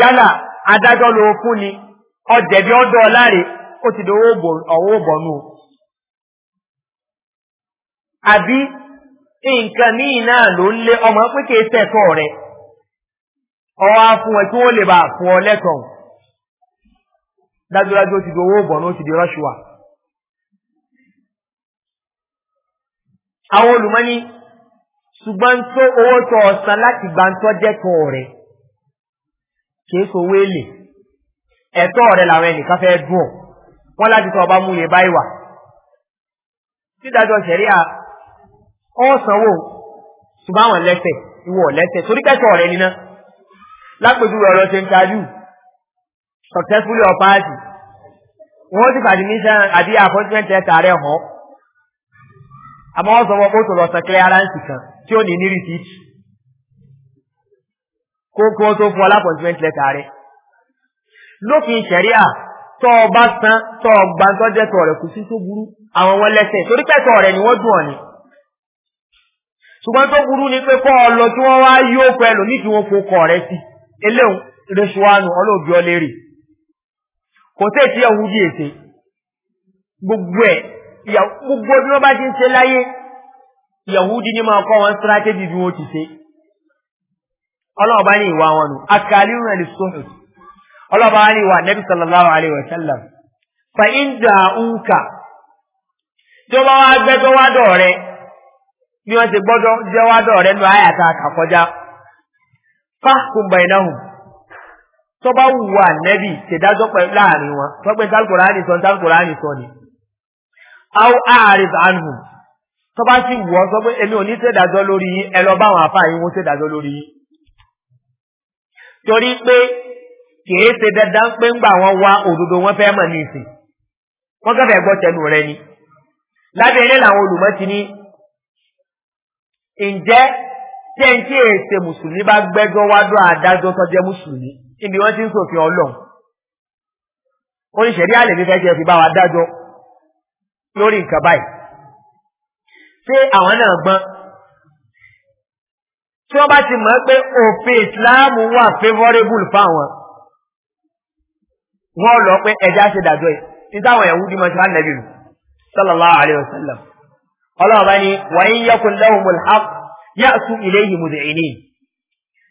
yálà adájọ́ ló fún ni. ọjẹ̀bi ọdọ̀ ọláre ó ti dọwọ́ bọ̀nú o. àbí nǹkan míì náà ló ń lé ọmọ pé kìí sẹ́kọ̀ rẹ̀ ọwọ́ fún ẹ tí wọ́n lè bá fún ọ dájúdájú ó ti ó ti di àwọn olùmọ́ni owó tó ọ̀sán láti gbàǹtọ́ ẹ̀tọ́ rẹ̀ làwọn ẹnìkan fẹ́ dùn ọ̀ wọ́n láti tọ́ ọba múye báyìí wà dídájọ́ sẹ̀ríà ọ̀sánwó ṣùgbọ́n àwọn lẹ́sẹ̀ ìwọ̀ lẹ́sẹ̀ torí kẹ́kọ̀ọ́ rẹ̀ níná lápèjúwe ọ̀rọ̀ ṣe ń tajú successfully or party wọ́n ti fàdí ní sẹ́n àbí appointment letter rẹ̀ hàn àmọ́ wọ́n sọ wọn kó tó lọ sọ clearance kan tí ó ní ní receipt kó kó tó fún ọ lápọ̀ntment letter rẹ̀ lófin ṣẹ̀ríà tọ́ ọ bá san tọ́ ọ gba tọ́ jẹ́ tọ́ rẹ̀ kò sí tó burú àwọn wọn lẹ́sẹ̀ torí pẹ́tọ́ rẹ̀ ni wọ́n dùn ọ̀ ni. ṣùgbọ́n tó burú ni pé kọ́ ọ lọ tí wọ́n wá yóò pẹ́ lómi kí wọ́n fo kọ̀ rẹ̀ sí eléhùn rẹ̀ṣuwánu ọlọ́ọ̀bí ọlẹ́rì kò tẹ́ ti ẹ̀hún bí èsè gbogbo ẹ̀ gbogbo bí wọ́n bá ti ń ṣe láyé yahudi ni máa kọ́ wọn strategy bí wọ́n ti ṣe ọlọ́ọ̀bá ní ìwà wọn nù akàlí rẹ̀ lè ọlọ́ba á ní wa nẹ́bí sallallahu alayhi wa sallam fa inda uka tí wọ́n wá gbẹ́jọ́ wá dọ̀ rẹ bí wọ́n ti gbọ́dọ̀ jẹ́ wá dọ̀ rẹ lu àyàtà àkàkọjá fáàkùn bẹ̀ẹ́dáhùn tó bá wù wá nẹ́bí ṣèdájọ́ pẹ̀lú láàrin wọn tó pé tálkùránì sọ tálkùránì sọ ni àwọn ààrẹ bàánù tó bá sì wù ọ́ sọ pé èmi ò ní ṣèdájọ́ lórí ẹ lọ bá àwọn àfáà yín wọ́n ṣèdájọ́ lórí yín torí pé kìí ṣe dandan pé ńgbà wọn wá òdodo wọn fẹ́ mọ̀ ní ìsìn wọn kẹfẹ́ gbọ́ tẹnu rẹ ni lábẹ́ ilé làwọn olùmọ̀ ti ní ǹjẹ́ tí ẹni tí èsè mùsùlùmí bá gbẹ́jọ́ wádùn adájọ́ tó jẹ́ mùsùlùmí níbi wọ́n ti ń sòfin ọlọ́run ó ní ṣẹ̀rí àlè ní fẹ́jẹ́ fi bá wa dájọ́ lórí nǹkan báyìí ṣé àwọn náà gbọ́n tí wọ́n bá ti mọ̀ pé òfin ìsìláàmù wà favourable fáwọn wọ́n lọ pé ẹja ṣe dàjọ́ ẹ̀ ní táwọn ẹ̀wú dímọ̀ ṣe hànàbí nù sọ́lọ́lá àlẹ́ òṣèlú ọlọ́run bá ní wàyí yẹkùn lẹ́hùn mùlhàb yá sùn ilé yìí mùdì ìní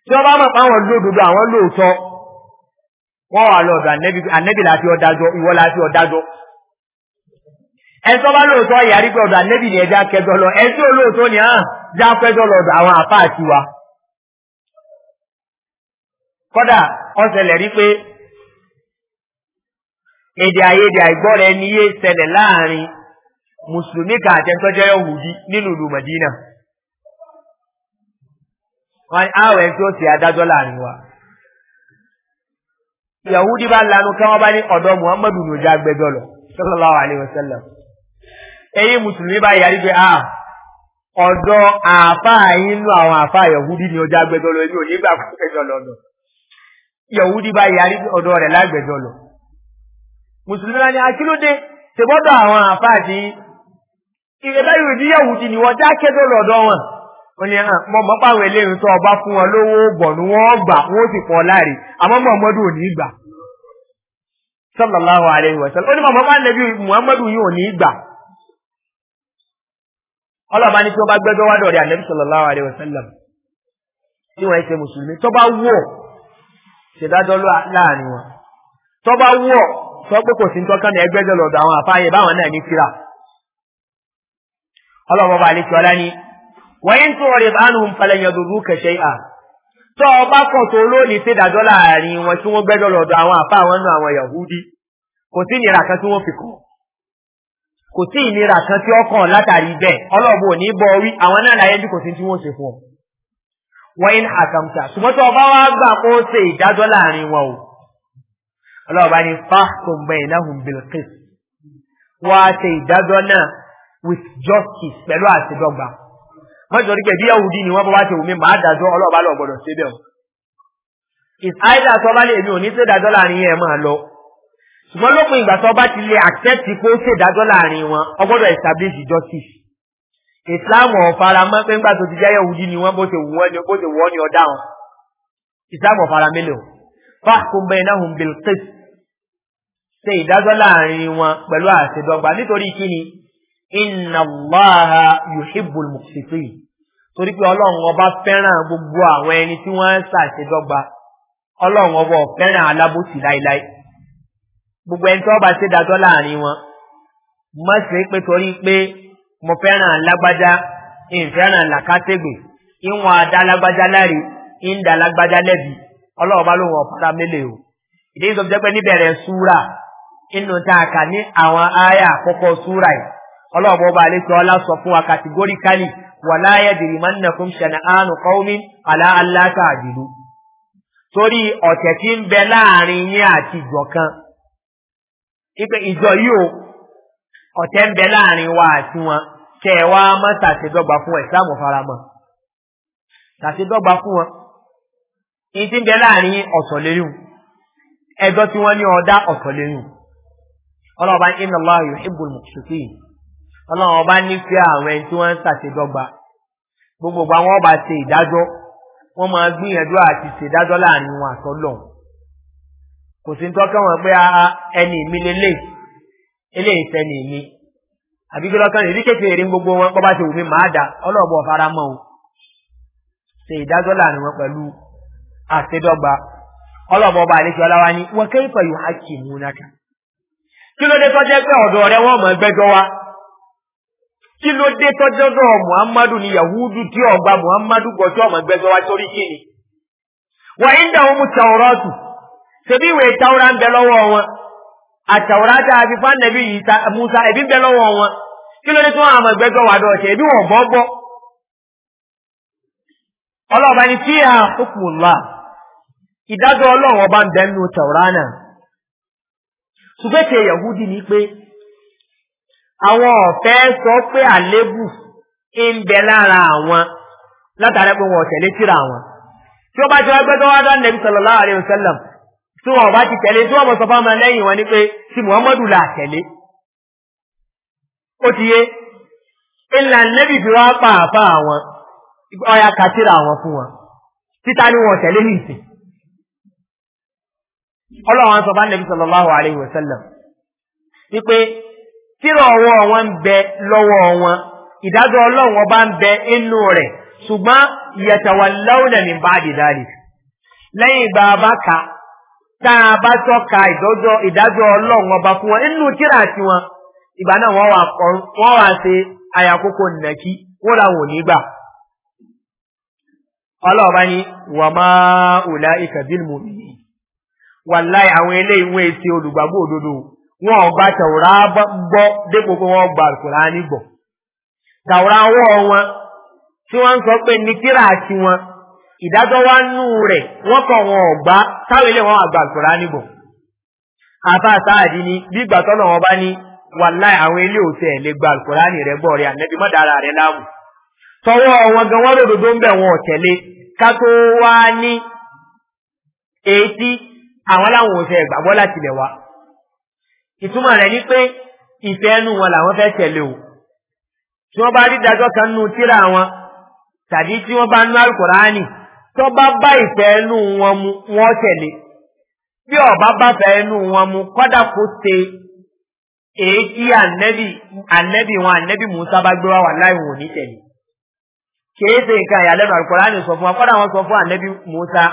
tí wọ́n bá mọ̀ pé àwọn lódodo àwọn lóòótọ́ wọ́n wà lọ́dọ̀ ànẹ́bí láti ọ̀dájọ́ ìwọ láti ọ̀dájọ́ ẹ̀sọ́ bá lóòótọ́ ìyàrí pé ọ̀dọ̀ ànẹ́bí ni ẹja kẹjọ lọ ẹ̀sọ́ olóòótọ́ ni hàn ah, já kẹjọ lọ́dọ̀ àwọn àfáà tiwa kọ́dà ọ̀sẹ̀ lẹ̀ rí pé èdè àyèdè àìgbọ́ra ẹni yé ṣẹlẹ̀ láàrin mùsùlùmí kan àtẹ́ńtọ́ jẹ́ yọ̀hùdí nínú ìlú mọ̀dínà wọn àwẹ̀ tí ó sì adájọ́ láàrin wa yahudi bá lanu kí wọn bá ní ọdọ muhammadu ní ojú agbẹjọ lọ sallallahu alayhi wa sallam ẹyin mùsùlùmí bá yàrí pé a ọdọ àáfàá yín nú àwọn àáfàá yahudi ní ojú agbẹjọ lọ ẹni ò ní gbà fún ẹjọ yahudi bá yàrí ọdọ rẹ lágbẹjọ lọ mùsùlùmí náà ni akílódé ṣe gbọ́dọ̀ àwọn àfáàdì ìrẹ̀lẹ́ ìrìdí yẹ̀wùdí ni wọ́n dákẹ́ tó lọ́dọ̀ wọn wọ́n ní mọ̀ mọ́ pàwọn eléyìí tó ọba fún wọn lówó bọ̀nú wọn gbà wọ́n sì pọ̀ láàrin àmọ́ mọ̀mọ́dù ò ní gbà sallallahu alayhi wa sallam ó ní mọ̀mọ́ bá nẹbi muhammadu yìí ò ní gbà ọlọ́ba ní tí wọ́n bá gbẹ́jọ́ wá dọ̀rẹ́ ànẹ́bí sallallahu alayhi wa sọ pé kò sí ní tọ́kàn náà ẹgbẹ́jọ lọ́dọ̀ àwọn àfáàyè báwọn náà ní síra ọlọ́wọ́ bá nye tíọ́lá ni wọ́n ọrịa rẹ̀ bánu falẹ̀yàn dúdú kẹsẹ̀ à tọ́ ọ ọba kàn tó lónìí sí ìdájọ́ láàrin wọn tí wọ́n gbẹ́jọ lọ́dọ̀ àwọn àfáàwọn náà àwọn yahudi kò sí ìnira kan kan tí ọkàn látàrí bẹ́ẹ̀ ò ní ọ wọ́n ń ṣùgbọ́n tó ọba wa gbà ṣe ìdájọ́ láàrin wọn ọlọ́ọ̀bá ni fáàkùn bẹ́ẹ̀ náà hùn bilkis wá ṣe ìdájọ́ náà with justice pẹ̀lú àṣedọ́gba wọ́n jọ rí pé bí yahudi ni wọ́n bá wá ṣe wùmí màá dájọ́ ọlọ́ọ̀bá lọ gbọ́dọ̀ ṣe bẹ́ẹ̀ is either tó bá lè mi ò ní ṣe dájọ́ láàrin yẹn máa lọ ṣùgbọ́n lópin ìgbà tó bá ti lè accept pé ó ṣe dájọ́ láàrin wọn ọgbọ́dọ̀ establish justice islam ọ̀faramọ́ pé ńgbà tó ti jẹ́ yahudi ni wọ́n bó ṣe wọ́ ni bó ṣe wọ́ ni ọ̀dá wọn islam ọ̀faramẹ́lẹ̀ o fáàkùn bẹ́ẹ̀ náà hùn bilkis ṣe ìdájọ́ láàrin wọn pẹ̀lú àṣedọ́gba nítorí kíni iná láha yuhibbul muqsitin torí pé ọlọ́run ọba fẹ́ràn gbogbo àwọn ẹni tí wọ́n ń ṣàṣedọ́gba ọlọ́run ọba fẹ́ràn alábòsí láíláí gbogbo ẹni tí wọ́n bá ṣe ìdájọ́ láàrin wọn mọ̀ sí pé torí pé mo fẹ́ràn lágbájá ìfẹ́ràn làkàtẹ́gbè ìwọ̀n àdá lágbájá láre ìndà lágbájá lẹ́bi ọlọ́run ọba lóhùn ọ̀fọ́dá mélòó ìdí ìsọ̀bù níbẹ̀rẹ̀ súrà inú tá a kà ní àwọn aya àkọ́kọ́ súra yìí ọlọ́ọ̀bọ bá lè sọ ọlá sọ fún wa kàtígóríkálì wà láyé dìrì máa ń ṣẹ̀nà àánú kọ́wọ́mí àdìlú. torí ọ̀tẹ̀ tí ń bẹ láàrin yín àti ìjọ kan ipe ìjọ yìí o ọ̀tẹ̀ ń bẹ láàrin wa àti wọn kẹ wá má tàṣedọ́gba fún ẹ̀sìlámù faramọ́ tàṣedọ́gba fún wọn ìyí ń ọlọ́ọ̀bá iná lọ́wọ́ yòókù mùsùlùmí ọlọ́ọ̀bá nífẹ̀ẹ́ àwọn ẹni tí wọ́n ń ṣàṣedọ́gba gbogbo àwọn ọba ṣe ìdájọ́ wọ́n máa gbìyànjú àti ṣèdájọ́ láàrin wọn àtọ́lọ̀ kò sí tọ́kẹ́ wọn pé ẹni mi lélẹ̀ eléyìí sẹ́ni mi àbí kí lọ́kàn gbogbo wọn bọ́ bá ṣe wù mí dà ọlọ́ọ̀bọ̀ o ṣe ìdájọ́ láàrin ọba àlejò ni wọ́n kẹ́ kí ló dé tó pé ọ̀dọ̀ rẹ wọ́n mọ̀ ẹgbẹ́jọ́ wa kí ló dé tó dọ́dọ̀ muhammadu ni yahudu tí ọgbà muhammadu gbọ́ tí ọmọ ẹgbẹ́jọ́ wa sórí kí ni. wọ́n ń dà wọ́n mu tàwọ́rọ́ọ̀tù ṣebí ìwé ń bẹ wọn musa bẹ wọn kí ló wa dọ̀ ṣe bọ́ ọlọ́ọ̀bá ni fíà ìdájọ́ ṣùgbọ́n ètè yahudi ni pé àwọn ọ̀fẹ́ sọ pé àlébù ń bẹ lára àwọn látàrí pé wọn ò tẹ̀lé síra wọn tí wọ́n bá ti wáá gbẹ́dọ́ wá dá nẹ̀bí sọ̀rọ̀ láàrin òṣèlèm tí wọn ò bá ti tẹ̀lé tí wọ́n mọ̀ sọ fáwọn ọmọlẹ́yìn wọn ni pé tí muhammadu là tẹ̀lé ó ti yé ńlá nẹ́bí fi wá pàápàá àwọn ọ̀yà kàtírà àwọn fún wọn títa ni wọn ò tẹ̀lé nìsín ọlọ́run sọ bá nẹ̀bí sọlọ́láhù àríwò sẹ́lẹ̀ wípé tírọ̀ ọwọ́ wọn ń bẹ lọ́wọ́ wọn ìdájọ́ ọlọ́run ọba ń bẹ inú rẹ̀ ṣùgbọ́n ìyẹ̀tẹ̀wà lọ́wọ́lẹ̀ ní bá dìdálì lẹ́yìn ìgbà bá ka tá a bá tọ́ka ìdájọ́ ọlọ́run ọba fún wọn inú tírà àti wọn ìgbà náà wọ́n wà kọrún wọ́n wà ṣe àyàkókò nàkí wọ́n làwọn ò ní gbà ọlọ́ọ̀bá ni wàmá ùlá ìkàbílmù nìyí wàláì àwọn eléyìí wọ́n èsì olùgbàgbọ́ òdodo wọn ò gba tàwùrá gbọ́ dépò pé wọ́n gba àlùkùránì gbọ́ tàwùrá ọwọ́ wọn tí wọ́n ń sọ pé ní kíra àti wọn ìdájọ́ wa nù rẹ̀ wọ́n kọ̀ wọn ọ̀gbá táwọn eléyìí wọn àgbà àlùkùránì gbọ́ àfa ni bí ìgbà tọ́nà wọn bá ní wàláì àwọn eléyìí òsè lè rẹ̀ rẹ̀ ànẹ́bí mọ́ dára rẹ̀ tọwọ́ àwọn láwọn òṣè ìgbàgbọ́ láti lẹ̀ wá ìtumọ̀ rẹ̀ ní pé ìfẹ́ ẹnu wọn làwọn fẹ́ tẹ̀lé o tí wọ́n bá rí dájọ́ kan nù tíra wọn tàbí tí wọ́n bá nú alukùránì tó bá bá ìfẹ́ ẹnu wọn mu wọ́n tẹ̀lé bí ọba bá fẹ́ ẹnu wọn mu kọ́dà kó ṣe èyí ànẹ́bì ànẹ́bì wọn ànẹ́bì musa bá gbé wá wà láì wò ní tẹ̀lé kìí ṣe nǹkan ìyàlẹ́nu alukùránì sọ fún wa kọ́dà wọn sọ fún ànẹ́bì musa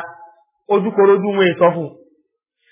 ojúkorojú wọn sọ fún un.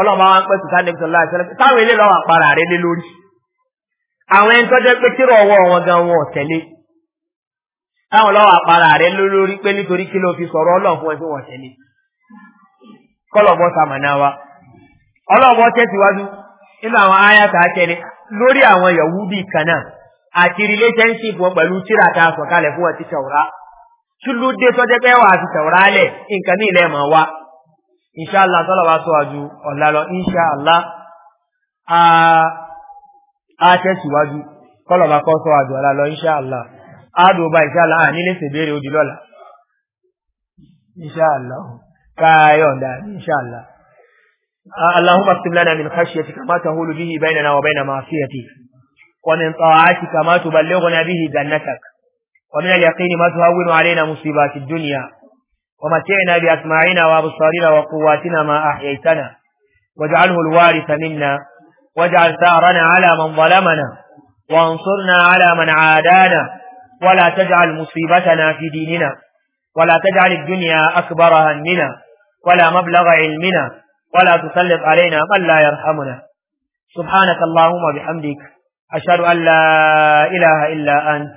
ọlọ́run bá wá ń pẹ́ sùn sáde sọ̀lá àṣẹlẹ̀ táwọn ilé lọ́wọ́ àpárá rẹ lé lórí àwọn ẹni tó jẹ́ pé kí rọ̀ ọwọ́ wọn gan wọn tẹ̀lé táwọn lọ́wọ́ àpárá rẹ lé lórí pé nítorí kí ló fi sọ̀rọ̀ ọlọ́run fún ẹ tí wọ́n tẹ̀lé kọ́lọ̀bọ́ sàmọ̀nà wa ọlọ́bọ́ tẹ́síwájú nínú àwọn ayáta akẹni lórí àwọn yahudi kan náà àti relationship wọn pẹ̀lú tíra ta sọ̀kalẹ̀ fún ọtí tẹ̀wọ́rá kí ló dé tọ́jẹ́ pé wà á ti tẹ̀wọ́rá lẹ̀ nǹkan ní ilẹ̀ mọ̀ wá inṣáàlá tọ́lọ̀wà tó àjú ọ̀lálọ inṣáàlá a tẹ́síwájú kọ́lọ̀wà kọ́ sọ àjú ọ̀lálọ inṣáàlá àdùbà inṣáàlá à nílé sèbèrè òdì lọ́la inṣáàlá káyọ̀ndà inṣáàlá اللهم اكتب لنا من خشيتك ما تهول به بيننا وبين معصيتك ومن طاعتك به جنتك ومن ما تهون علينا مصيبات الدنيا ومتعنا بأسماعنا وأبصارنا وقواتنا ما أحييتنا واجعله الوارث منا واجعل ثارنا على من ظلمنا وانصرنا على من عادانا ولا تجعل مصيبتنا في ديننا ولا تجعل الدنيا أكبر همنا ولا مبلغ علمنا ولا تسلط علينا من لا يرحمنا سبحانك اللهم بحمدك أشهد أن لا إله إلا أنت